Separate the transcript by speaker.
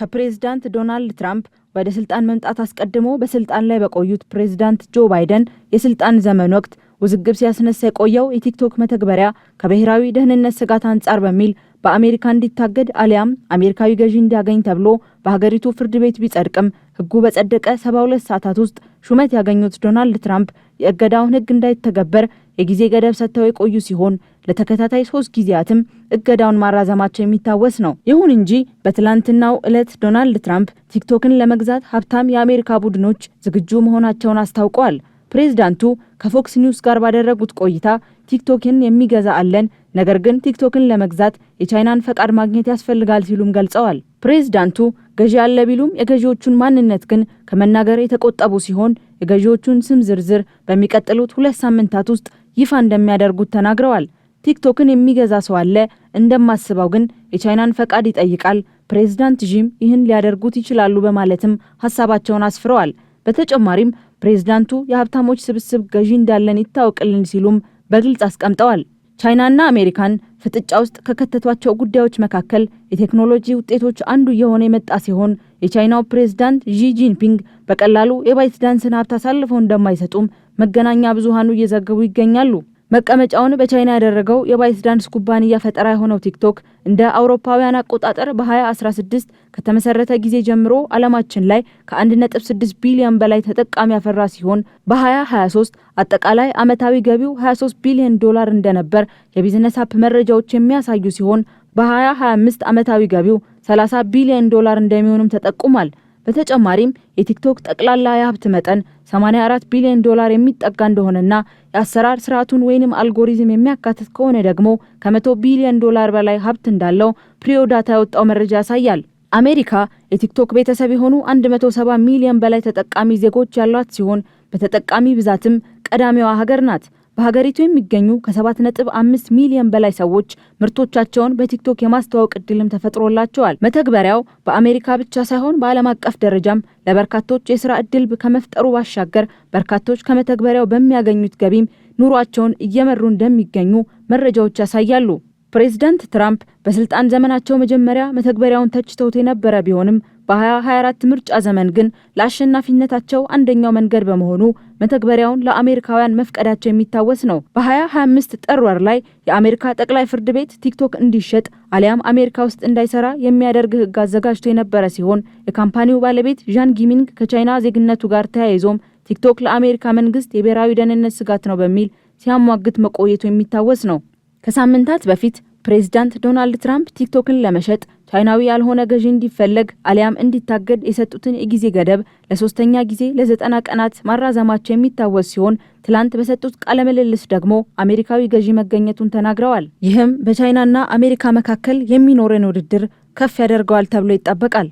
Speaker 1: ከፕሬዝዳንት ዶናልድ ትራምፕ ወደ ስልጣን መምጣት አስቀድሞ በስልጣን ላይ በቆዩት ፕሬዝዳንት ጆ ባይደን የስልጣን ዘመን ወቅት ውዝግብ ሲያስነሳ የቆየው የቲክቶክ መተግበሪያ ከብሔራዊ ደህንነት ስጋት አንጻር በሚል በአሜሪካ እንዲታገድ አሊያም አሜሪካዊ ገዢ እንዲያገኝ ተብሎ በሀገሪቱ ፍርድ ቤት ቢጸድቅም ሕጉ በጸደቀ 72 ሰዓታት ውስጥ ሹመት ያገኙት ዶናልድ ትራምፕ የእገዳውን ህግ እንዳይተገበር የጊዜ ገደብ ሰጥተው የቆዩ ሲሆን ለተከታታይ ሶስት ጊዜያትም እገዳውን ማራዘማቸው የሚታወስ ነው። ይሁን እንጂ በትላንትናው ዕለት ዶናልድ ትራምፕ ቲክቶክን ለመግዛት ሀብታም የአሜሪካ ቡድኖች ዝግጁ መሆናቸውን አስታውቀዋል። ፕሬዚዳንቱ ከፎክስ ኒውስ ጋር ባደረጉት ቆይታ ቲክቶክን የሚገዛ አለን፣ ነገር ግን ቲክቶክን ለመግዛት የቻይናን ፈቃድ ማግኘት ያስፈልጋል ሲሉም ገልጸዋል። ፕሬዚዳንቱ ገዢ አለ ቢሉም የገዢዎቹን ማንነት ግን ከመናገር የተቆጠቡ ሲሆን የገዢዎቹን ስም ዝርዝር በሚቀጥሉት ሁለት ሳምንታት ውስጥ ይፋ እንደሚያደርጉት ተናግረዋል። ቲክቶክን የሚገዛ ሰው አለ፣ እንደማስበው ግን የቻይናን ፈቃድ ይጠይቃል። ፕሬዝዳንት ዢም ይህን ሊያደርጉት ይችላሉ በማለትም ሀሳባቸውን አስፍረዋል። በተጨማሪም ፕሬዝዳንቱ የሀብታሞች ስብስብ ገዢ እንዳለን ይታወቅልን ሲሉም በግልጽ አስቀምጠዋል። ቻይናና አሜሪካን ፍጥጫ ውስጥ ከከተቷቸው ጉዳዮች መካከል የቴክኖሎጂ ውጤቶች አንዱ እየሆነ የመጣ ሲሆን የቻይናው ፕሬዝዳንት ዢ ጂንፒንግ በቀላሉ የባይትዳንስን ሀብት አሳልፈው እንደማይሰጡም መገናኛ ብዙሃኑ እየዘገቡ ይገኛሉ። መቀመጫውን በቻይና ያደረገው የባይትዳንስ ኩባንያ ፈጠራ የሆነው ቲክቶክ እንደ አውሮፓውያን አቆጣጠር በ2016 ከተመሰረተ ጊዜ ጀምሮ ዓለማችን ላይ ከ1.6 ቢሊዮን በላይ ተጠቃሚ ያፈራ ሲሆን በ2023 አጠቃላይ ዓመታዊ ገቢው 23 ቢሊዮን ዶላር እንደነበር የቢዝነስ አፕ መረጃዎች የሚያሳዩ ሲሆን በ2025 ዓመታዊ ገቢው 30 ቢሊዮን ዶላር እንደሚሆንም ተጠቁሟል። በተጨማሪም የቲክቶክ ጠቅላላ የሀብት መጠን 84 ቢሊዮን ዶላር የሚጠጋ እንደሆነና የአሰራር ስርዓቱን ወይንም አልጎሪዝም የሚያካትት ከሆነ ደግሞ ከመቶ ቢሊዮን ዶላር በላይ ሀብት እንዳለው ፕሪዮ ዳታ ያወጣው መረጃ ያሳያል። አሜሪካ የቲክቶክ ቤተሰብ የሆኑ 170 ሚሊዮን በላይ ተጠቃሚ ዜጎች ያሏት ሲሆን በተጠቃሚ ብዛትም ቀዳሚዋ ሀገር ናት። በሀገሪቱ የሚገኙ ከ7.5 ሚሊዮን በላይ ሰዎች ምርቶቻቸውን በቲክቶክ የማስተዋወቅ እድልም ተፈጥሮላቸዋል። መተግበሪያው በአሜሪካ ብቻ ሳይሆን በዓለም አቀፍ ደረጃም ለበርካቶች የስራ እድል ከመፍጠሩ ባሻገር በርካቶች ከመተግበሪያው በሚያገኙት ገቢም ኑሯቸውን እየመሩ እንደሚገኙ መረጃዎች ያሳያሉ። ፕሬዚዳንት ትራምፕ በስልጣን ዘመናቸው መጀመሪያ መተግበሪያውን ተችተውት የነበረ ቢሆንም በ2024 ምርጫ ዘመን ግን ለአሸናፊነታቸው አንደኛው መንገድ በመሆኑ መተግበሪያውን ለአሜሪካውያን መፍቀዳቸው የሚታወስ ነው። በ2025 ጥር ወር ላይ የአሜሪካ ጠቅላይ ፍርድ ቤት ቲክቶክ እንዲሸጥ አሊያም አሜሪካ ውስጥ እንዳይሰራ የሚያደርግ ሕግ አዘጋጅቶ የነበረ ሲሆን የካምፓኒው ባለቤት ዣን ጊሚንግ ከቻይና ዜግነቱ ጋር ተያይዞም ቲክቶክ ለአሜሪካ መንግስት የብሔራዊ ደህንነት ስጋት ነው በሚል ሲያሟግት መቆየቱ የሚታወስ ነው። ከሳምንታት በፊት ፕሬዚዳንት ዶናልድ ትራምፕ ቲክቶክን ለመሸጥ ቻይናዊ ያልሆነ ገዢ እንዲፈለግ አሊያም እንዲታገድ የሰጡትን የጊዜ ገደብ ለሶስተኛ ጊዜ ለዘጠና ቀናት ማራዘማቸው የሚታወስ ሲሆን ትላንት በሰጡት ቃለ ምልልስ ደግሞ አሜሪካዊ ገዢ መገኘቱን ተናግረዋል። ይህም በቻይናና አሜሪካ መካከል የሚኖረን ውድድር ከፍ ያደርገዋል ተብሎ ይጠበቃል።